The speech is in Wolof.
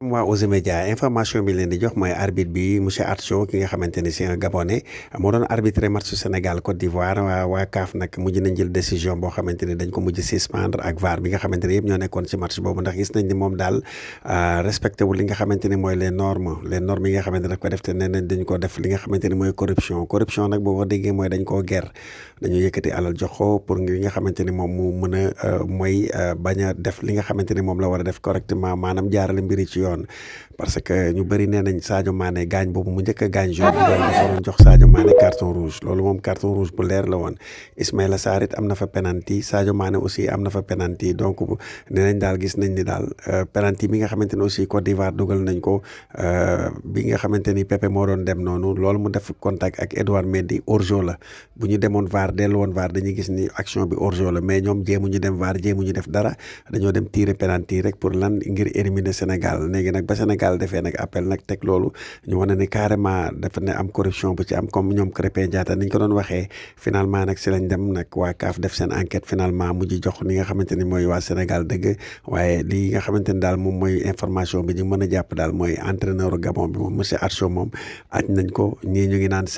waa Oser Média information bi leen di jox mooy arbitre bi monsieur Atcho ki nga ne si un gabonais moo doon arbitré match Sénégal Côte d'Ivoire waa waa nag mujj nañ jël décision boo xamante ne dañ ko mujj suspendre ak VAR bi nga xamante ne yëpp ñoo nekkoon ci match boobu ndax gis nañ ni moom euh, nga xamante ne mooy les normes les normes yi nga xamante ne daf ko def te nee nañ dañ ko def li nga xamante ne mooy corruption corruption nag boo ko déggee mooy dañ koo ger dañu yëkkati alal jox ko pour nga xamante moom mu mën a euh, mooy euh, bañ def li nga xamante ne moom la war a def correctement maanaam jaarale mbiri ci yoon yoon parce que ñu bëri nee nañ Sadio Mané gaañ boobu mu njëkk a gaañ jaune bi ah, jox Sadio Mané carton rouge loolu moom carton rouge bu leer la woon Ismaïla Sarr it am na fa penalty Sadio Mané aussi am na fa penalty donc nee nañ daal gis nañ ni daal euh, penalty bi nga xamante ne aussi Côte d'Ivoire dugal nañ ko euh, bi nga xamante ni Pepe moo doon dem noonu loolu mu def contact ak Edouard Mendy hors la bu ñu demoon VAR dellu woon VAR dañuy gis ni action bi hors-jeu la mais ñoom jéemu ñu dem VAR jéemu ñu def dara dañoo dem tirer penalty rek pour lan ngir éliminer Sénégal léegi nag ba Sénégal defee nag appel nag teg loolu ñu wane ne carrément dafa am corruption bu ñoom Krépin Diatta ni ko doon waxee finalement nag si lañ dem nag waa CAF def seen enquête finalement mujj jox li nga xamante ni mooy waa Sénégal dëgg waaye lii nga xamante daal mooy information bi ñu mën a daal mooy entraîneur Gabon bi moom monsieur Arsio moom aj nañ ko ñii ñu naan